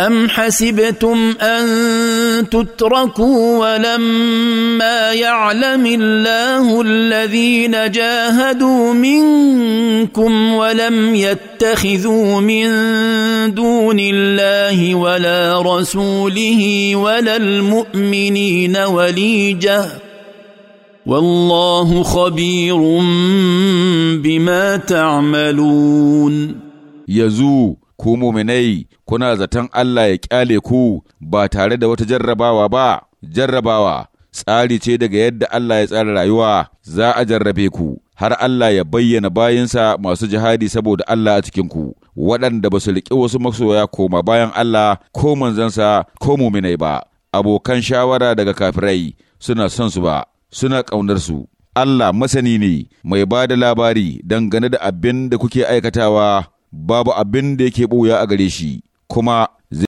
أم حسبتم أن تتركوا ولما يعلم الله الذين جاهدوا منكم ولم يتخذوا من دون الله ولا رسوله ولا المؤمنين وليجة والله خبير بما تعملون Yanzu, ku muminai kuna zaton Allah ya ƙyale ku ba tare da wata jarrabawa ba jarrabawa tsari ce daga yadda Allah ya tsara rayuwa za a jarrabe ku har Allah ya bayyana bayansa masu jihadi saboda Allah a cikinku waɗanda ba su riƙe wasu masoya koma bayan Allah ko manzansa ko muminai ba abokan shawara daga kafirai suna son su ba suna ƙaunar su Allah masani ne mai ba da labari dangane da abin da kuke aikatawa babu abin da yake ɓuya a gare shi, kuma